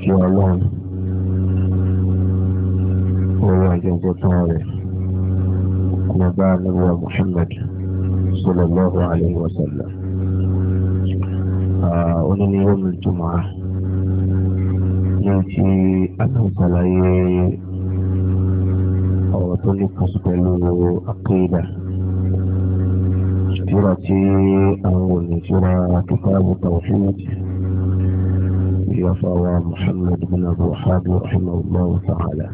kí ọlọ́run orí àjọjọ tán rẹ̀ kó bá nílùú Muhammad sallallahu alayhi wa sallam oní ah, ní omi jùmọ̀ ní ti àtàkàlàyé ọ̀rọ̀ tó ní kàṣù pẹ̀lú àkéèdà ìṣúra tí àwọn òní ìṣúra kíkọ́ àbùkà òfin méjì. يفاوى محمد بن أبو حاب رحمه الله تعالى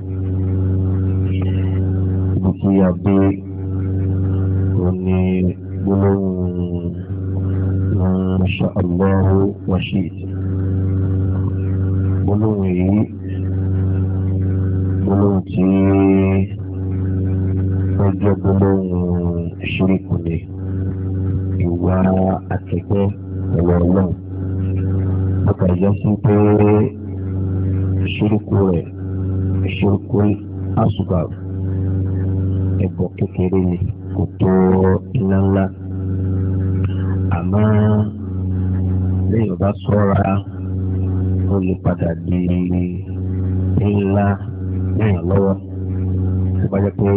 بكي أبي وني بلون ما شاء الله وشيت بلون بلون تي ọjọ́ gbólóhùn ṣíríkù ni ìwà àtẹ̀kẹ́ ọ̀rọ̀ ọlọ́run àtàjọ sí pé ìṣirúkú rẹ̀ ìṣirúkú àṣùgbà ẹ̀bọ̀ kékeré ni kò tó iná ńlá àmọ́ lẹ́yìn bá sọ́ra ó lè padà di ńlá lẹ́yìn lọ́wọ́ tó bá jẹ́ pé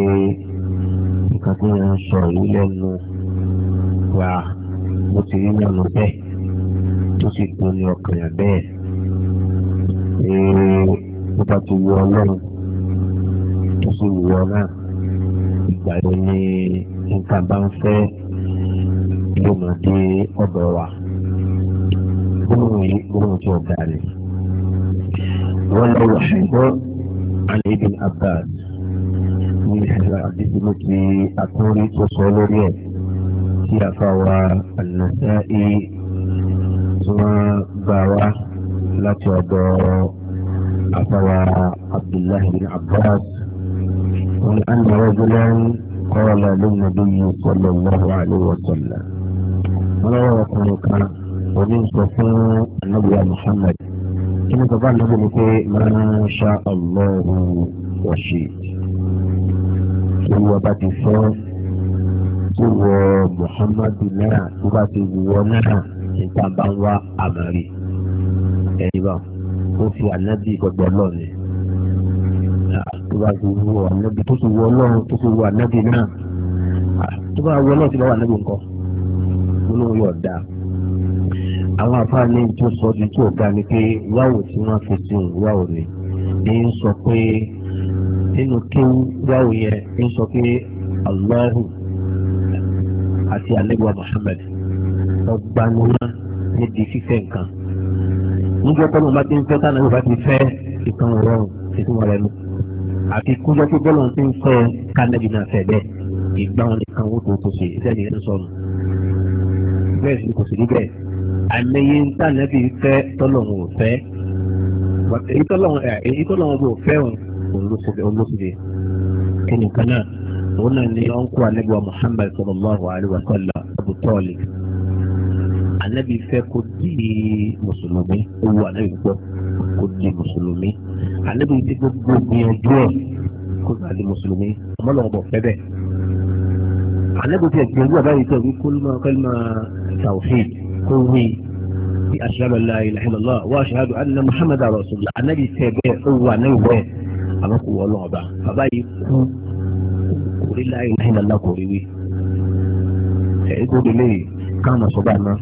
nǹkan tí ń sọ yìí lẹ́nu wà mo ti rí lẹ́nu bẹ́ẹ̀ tó sì torí ọkàn yẹn bẹ́ẹ̀ ee tó bá ti wọ ọlọ́run tó sì wọ náà ìgbà yẹn ni nǹkan bá ń fẹ́ yóò mọ̀ dé ọ̀dọ̀ wa gbóhùn yìí gbóhùn tí ọ̀gá rẹ̀ wọ́n lọ wà ṣùgbọ́n àlẹ́ ibi Abbas ní ìṣẹ̀lẹ̀ àdìsí ló ti àtúnrí tó sọ lórí ẹ̀ tí àfa wa àlùfáà yìí tí wọ́n gbà wá láti ọ̀dọ̀ àfàwà abdullahi bin abbas wọn á nà ọ́ gbọ́dọ̀ kọ́ọ̀lá lónìí yìí sọ̀lọ̀ lọ́wọ́ àlewọ̀ sọ̀lá. wọ́n lọ́wọ́ ọkùnrin kan òní sọ fún anábìyà muhammad kí ni bàbá anábì ni pé máa ń ṣá ọlọ́run wọ̀ṣẹ̀ kí wọ́n bá ti fẹ́ kí wọ́n muhammadu náà kó bá ti wọ́ náà nígbà bá ń wá àmàrí ẹni bá ó fi ànábì gbogbo ọlọ́run ni tó bá ti wọ ànábì tó ti wọ ọlọ́run tó ti wọ ànábì náà tó bá wọ ọlọ́run tó bá wà ànábì nǹkan nínú yóò da àwọn afáàní tó sọ ju tó ga ni pé wáwò tí wọ́n fi sí òun wáwò ni ń sọ pé nínú kéwú wáwò yẹn ń sọ pé Allahu àti ànábì wa Muhammad ọgbanumá níbi fífẹ́ nǹkan níjọ tọ́lọ́ bá ti ń fẹ́ tánà yóò bá ti fẹ́ ìkan ọ̀rọ̀ títí wọn lẹ́nu àti kújọ tó bọ́lọ̀ ti ń fẹ́ kánẹ́bí náà fẹ́ bẹ́ẹ̀ ìgbà wọn nìkan ó tó tó ṣe iṣẹ́ ìyẹn ń sọnù bẹ́ẹ̀ sì kò sì rí bẹ́ẹ̀ àmẹ́yẹ ń tànẹ́bí fẹ́ tọ́lọ̀ wọn ò fẹ́ èyí tọ́lọ̀ wọn bò fẹ́ òun ló ti dé kí nìkan náà òun náà ni ọ̀nkú àlẹ́bùwà Muhammad sallallahu alaihi wa sallam Abu ànábì fẹ́ kó di mùsùlùmí ó wù ànábì púpọ̀ kó di mùsùlùmí ànábì ti gbogbo gbìyànjú ẹ̀ kó bá di mùsùlùmí ọmọ náà bọ̀ fẹ́ bẹ́ẹ̀. ànábì ti gbìyànjú àbáyé tó wí kó lóma kó lóma tawhid kó wí bí ashhadu an la ilaha illallah wa ashhadu anna muhammadar rasulullah ànábì tẹ̀ bẹ́ẹ̀ ó wù ànábì bẹ́ẹ̀ àwọn kò wọ́ ọlọ́ọ̀bá bàbá yìí kú kò rí la ilaha illallah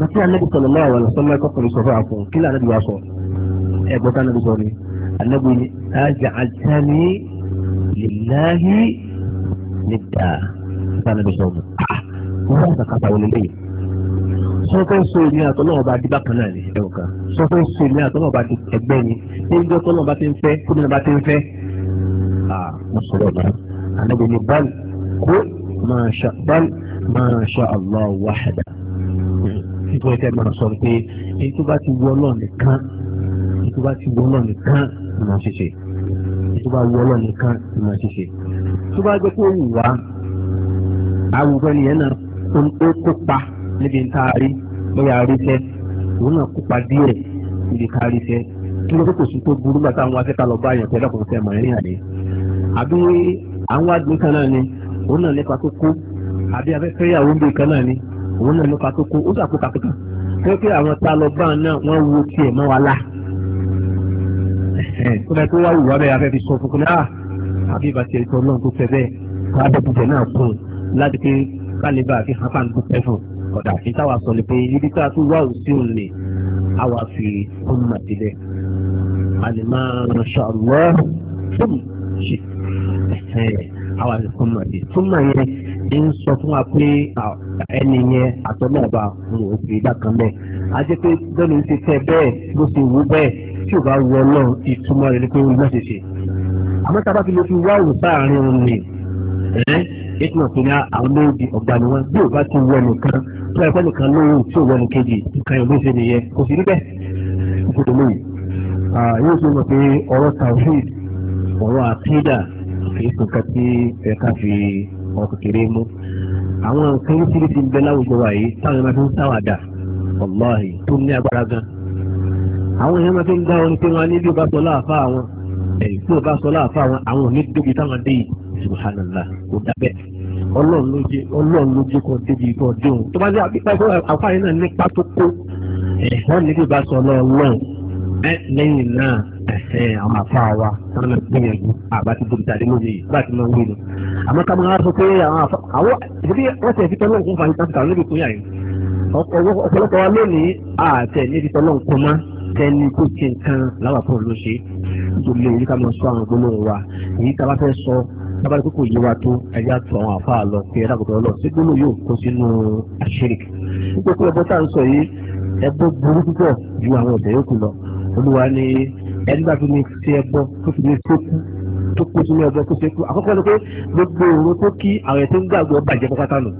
nǹkan tí anábì sọ̀rọ̀ náà wà lọ́sọ́lá kọ́kọ́rọ́ sọ fún àfọ̀n kí lànà ìwà sọ ẹ̀gbọ́n tí anábì sọ ni anábì ni ajá àjáni lèláhi nígbà tí anábì sọ ni ah! wọ́n bá sàkàtà wọlé lẹ́yìn sọ́kọ́ sọ èmi àtọ́ náà ọba adébá kan náà ni ẹ̀wọ̀n kan sọ́kọ́ sọ èmi àtọ́ náà ọba ẹgbẹ́ ni ẹgbẹ́ tó náà bá ti ń fẹ́ kó náà bá ti ń fẹ́ ah! mọ̀sọ̀rọ̀ náà anábì ni bal kó máa bal máa Allah wahada sí fún ẹ̀kẹ́ máa sọ pé èyí tó bá ti wọ ọlọ́run nìkan èyí tó bá ti wọ ọlọ́run nìkan ni màá ṣiṣẹ́ èyí tó bá wọ ọlọ́run nìkan ni màá ṣiṣẹ́ tó bá jẹ́ pé wù wá àwùjọ nìyẹn náà ó kópa níbi ń taari bóyá aríṣẹ́ òun náà kópa díẹ̀ níbi ká aríṣẹ́ kí ló kò sí tó burú bàtà àwọn afẹ́ká lọ bá àyàn pẹ̀lú ọkùnrin fẹ́ màá rìn àdé àbí àwọn àgbẹ̀ náà ni òun náà nípa tó kó àbí afẹ́fẹ́ yàwó ń bè kan náà ni òun náà ló fa kókó ó sàkókò àkókò wọ́n pé àwọn tá a lọ bá náà wọ́n wo tiẹ̀ mọ́ wa la kódà tó wá wù wá bẹ́ẹ̀ afẹ́ fi sọ fún kódà ah, àbí ìbàtí ẹ̀tọ́ náà tó fẹ́ bẹ́ẹ̀ kó abẹ́bùjẹ náà kún láti pé kálíbà àti hapan tó fẹ́ fún ọ̀dà àfi táwa sọ ni pé ibi tá a tún wá òsì òun ni àwa fi fún màtí bẹ́ẹ̀ àlèmá ṣàlọ́ fún ṣe àwa fi fún ń sọ fún wa pé ah, ẹni yẹn àtọ́nàbà ni ò fi dákan a ajẹ́ pé bẹ́ẹ̀ni ṣe tẹ́ bẹ́ẹ̀ ló ṣe wú bẹ́ẹ̀ tí ò bá wù ọ náà ìtumọ̀ rẹ̀ ni pé wọ́n ṣe ṣe àmọ́ tá a bá fi lè fi wá òun sáàárín òun nì ẹ́ ètò náà pinnu àwọn méjì ọ̀gbà ni wọ́n bí ò bá ti wọ nìkan tó ẹ̀kọ́ nìkan lóhùn tí ò wọ nìkejì nǹkan ìlú ṣe nìyẹn kò sí níbẹ̀ ìṣòro lóyún yóò tún mọ̀ pé ọ̀rọ̀ tawhid ọ̀rọ̀ àkídà kì í sùn kan tí ẹ̀ka fi mú àwọn nǹkan oríṣiríṣi ń bẹ láwùjọ wa yìí táwọn èèyàn máa fi ń sáwàdà ọlọ́ọ̀hìn tó ní agbára gan. àwọn èèyàn máa fi ń dá orin pé wọn ní bí o bá sọ láàfáà àwọn ẹ̀yìn tí o bá sọ láàfáà àwọn àwọn òní débi táwọn dé yìí subhanallah kò dábẹ́ ọlọ́run ló jẹ ọlọ́run ló jẹ kọ́ débi kọ́ òun tó bá dé àpá ìfọwọ́ náà nípa tó kó ẹ̀hán ní bí o bá sọ lọ́ọ̀lọ́run lẹ́yìn náà ẹ̀sẹ̀ àwọn afọ àwa wọn náà gbìyànjú àbá ti dòkítà dé lónìí bá ti máa ń wí ni. àmọ́ ká máa sọ pé àwọn afọ àwọn ìdílé wọ́n ti ẹ̀fí tọ́lọ́ fún fàyín káfíńtà lórí ìpínyà yìí. ọ̀pọ̀lọpọ̀ wa lónìí àtẹ̀ níbi tọ́lọ́ nǹkan mọ́ tẹ́ni tó ti nǹkan láwàpọ̀ ló ṣe nítorí èyí ká máa sọ àwọn gbólóhùn wa èyí ká bá fẹ́ sọ tábàrí kókò yé wa tó ẹja tó àwọn àfa lọ pé ẹ dàgbàdo lọ sí gbólóhùn yóò kó sínú àṣírí nítorí ẹbọ tá à ń sọ yìí ẹbọ burú púpọ̀ ju àwọn ọ̀dẹ́ yòókù lọ olúwa ni ẹni bá fi mi ṣe ẹbọ tó fi mi ṣe kú tó kú sínú ẹbọ tó ṣe kú àkọ́kọ́ ni pé gbogbo òun tó kí àwọn ètò ń gbàgbọ́ bàjẹ́ pátá nù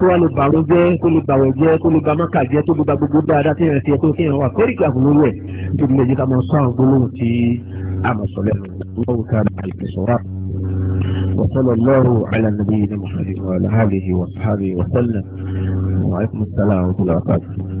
tó wá lè bà ló jẹ́ tó lè bàwẹ̀ jẹ́ tó lè bà mọ́kà jẹ́ tó lè bà gbogbo dáadáa tí yẹn ti yẹ tó kéèyàn wà kórì kí àkùnrin rẹ̀ tó lè jẹ́ ká mọ sọ àwọn gbólóhùn tí a mọ̀ sọ lẹ́nu lọ́wọ́ ká lè fi sọ̀rọ̀. وصلى الله على نبينا محمد وعلى اله وصحبه وسلم وعليكم السلام ورحمه الله وبركاته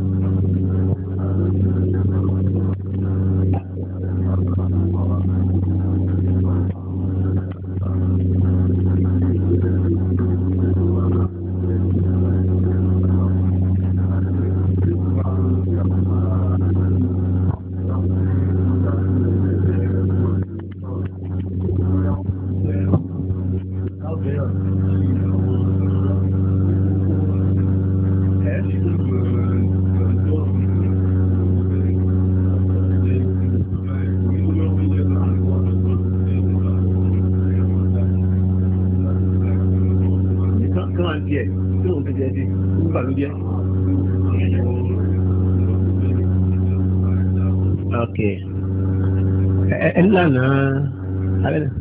díẹ̀ tí òun ti jẹ́ sí nígbà ló jẹ́. ok ẹ ńlànà abẹ́lẹ̀. wọ́n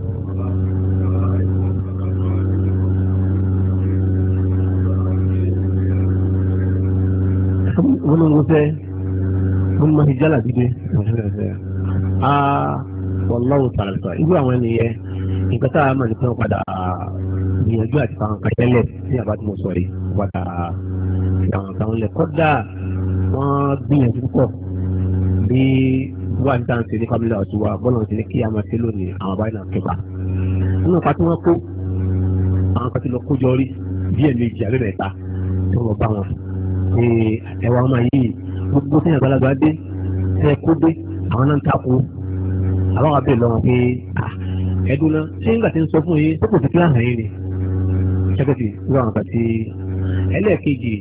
ń sẹ́ wọ́n máa ń jálà dídé ah, wọ́n lọ́wọ́ tààrà irú àwọn ẹni yẹ nǹkan tá a mọ̀ nípa padà gbìyànjú àti fáwọn kan tẹ́lẹ̀ tí àbá tí mo sọ rí padà fáwọn kan lẹ̀ kọ́dà wọ́n gbìyànjú púpọ̀ bí wà ní tàǹtì ní family house wa bọ́lá ti ní kí a máa ṣe lónìí àwọn báyìí náà kẹfà nínú ìpa tí wọ́n kó àwọn kan ti lọ kó jọ rí bí ẹ̀mejì àbí mẹ́ta tí wọ́n bá wọn ṣe ẹwà ọmọ yìí gbogbo sẹ́yìn àgbàlagbà dé ẹ kó dé àwọn náà ń takò àwọn àbẹ̀ lọ́wọ́ pé ẹ̀dùn náà ṣé nígbà tí ń sọ fún yín tó kò sí kí láhàn yín ni ṣẹ́gẹ́tì irú àwọn kan tí ẹlẹ́ẹ̀kejì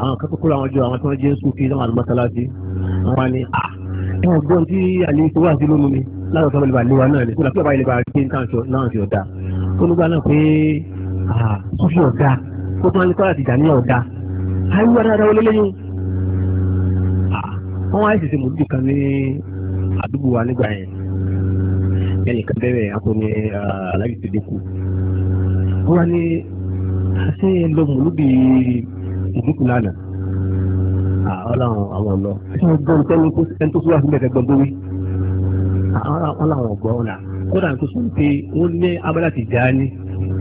àwọn kan kúkúrú àwọn jọ àwọn tí wọ́n jẹ́ sùkú náà àlùmọ́sálásí wọn ni ẹ̀wọ̀n gbọ́n tí àlẹ́ tó wà sí lónìí mi láti ọ̀sán ìbàlẹ̀ wa náà ni kó làpẹ́ ìbàlẹ̀ bá gbé náà sí ọ̀dà kó ló gbà náà pé sọ́fì ọ̀dà kó tó wá ní kọ́lá ti dà ní ọ̀dà àìwá dáadáa wọlé lẹ́yìn wọ́n wá ìṣẹ̀ṣẹ̀ mọ̀lúdì kan ní àdúgbò wa nígbà yẹn ẹnìkan bẹ̀rẹ̀ akọni alájùtò dẹ́kun wọ́n ní ṣé lọ mùlúbì ìdíkùn lánàá ọlọ́run àwọn ọ̀lọ́ ṣé wọ́n gbọ́ ẹni tó ẹni tó súwà sílẹ̀ fẹ́gbọ́n bówí ọlọ́run ọ̀gbọ́n ọ̀la kódà tó sọ pé wọ́n ní abala ti já ní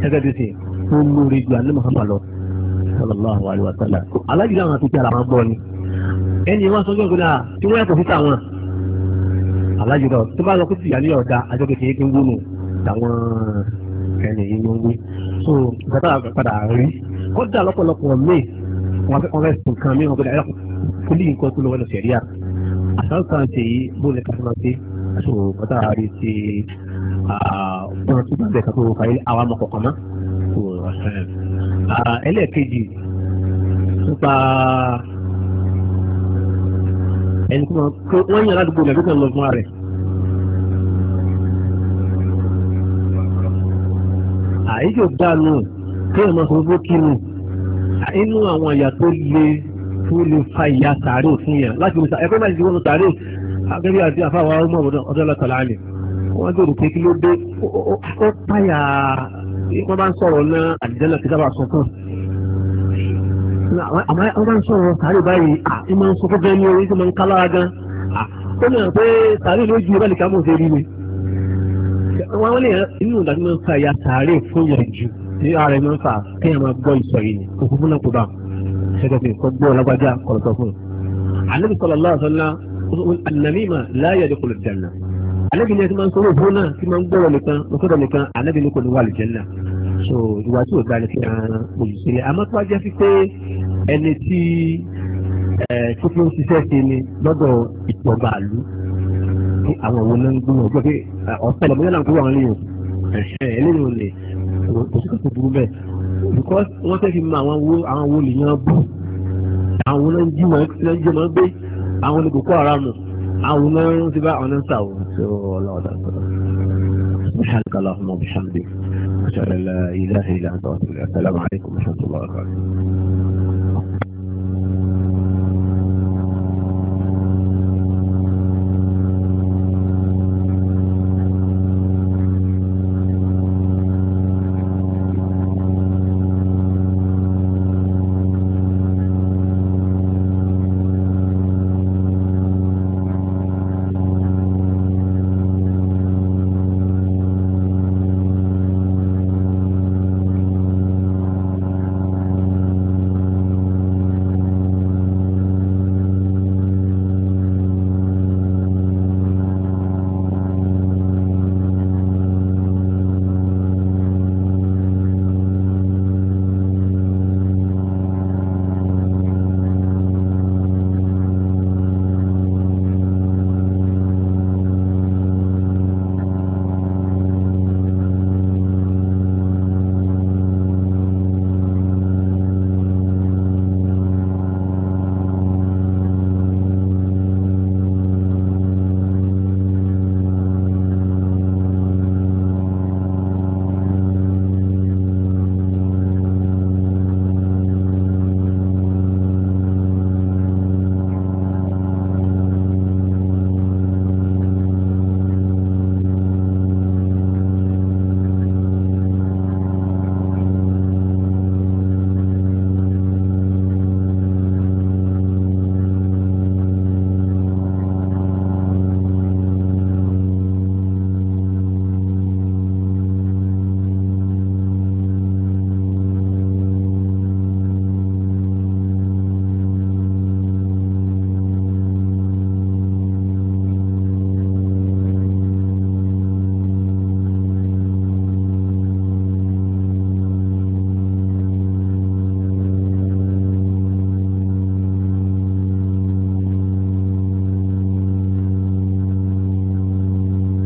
ẹgbẹ́ tó ṣe wọ́n lórí ju àná mahama lọ sallallahu alaihi wa sallam alájú náà wọn ti tẹ àlàmà gbọ́ ni ẹni wọn sọ gbọ́dọ̀ náà tí wọ́n yàtọ̀ síta wọn alájú tó bá lọ kó ti yà ọ̀dà àjọ so ìgbàdá padà rí kódà lọ́pọ̀lọpọ̀ míì wọn fẹ́ ọ̀rẹ́sì nǹkan mi wọn gbọdọ̀ ẹ̀rọ kúlì nǹkan tó lọ́wọ́ lọ sẹ̀ríà àtàwọn kan ṣe yìí bó lè kásán ṣe so ìgbàdá rí ṣe ọ̀rọ̀ tó bá bẹ̀ kátó fàyè àwọn amọ̀kọ̀kọ̀ mọ́ so ẹlẹ́ẹ̀kejì nípa ẹni tí wọ́n yàn ládùúgbò lẹ́gbẹ̀ẹ́ lọ fún ààrẹ èyí yóò dànù tí èèyàn máa sọ fún kíni inú àwọn ìyà tó le tó lè fa ìyà sàárè fún yẹn láti wọ́n ẹ̀kọ́ máa ti wọ́n sàárè gẹ́gẹ́ àti àfáwà ọmọ ọ̀dọ́ ọlọ́tàlá ni wọ́n gbèrò pé kí ló dé ó páyà wọ́n bá ń sọ̀rọ̀ náà àdìjẹ́lẹ̀ kí sábà sọ fún àmọ́ wọ́n bá ń sọ̀rọ̀ sàárè báyìí àti máa ń sọ fún bẹ́ẹ̀ ni orí tí máa ń kálá gan ó ní àwọn pé ló ju ìbálẹ̀ kámọ̀ wọ́n lè inú ìdájọ́ máa ń fa ìyá sàárè fún ìyá jù ní ara ẹ̀ máa ń fa kí ẹ̀ máa gbọ́ ìsọ̀ yìí ni òkú fún náà kò bá ṣẹ́jọ́ pé kò gbọ́ lágbájá kọ̀ọ̀tọ̀ fún un. àlejò sọ̀rọ̀ lọ́sọ̀lá ànàmímà láyé ẹ̀dẹ́ kò lè dànù. àlejò ni ẹ ti máa ń sọ òfin náà tí máa ń gbọ́rọ̀ nìkan òfin so ìwà tí da ni fi hàn olùsílẹ̀ àmọ́ tó wá jẹ́ sí pé ẹni tí tó fi ń pé àwọn òun ló ń gbóhùn pé ọ̀pẹ́ lọ́mọdé náà ń gbóhùn àwọn eléyìí eléyìí ò lè kò sí kòtò burú bẹ́ẹ̀ because wọ́n fẹ́ fi mọ àwọn wo àwọn wo lè yan bù àwọn wo ló ń jí wọn ló ń jí wọn gbé àwọn olè boko haram àwọn wo ló ń ti bá àwọn náà sà wọ́n. سبحانك اللهم وبحمدك أشهد أن لا إله إلا أنت أستغفرك السلام عليكم ورحمة الله وبركاته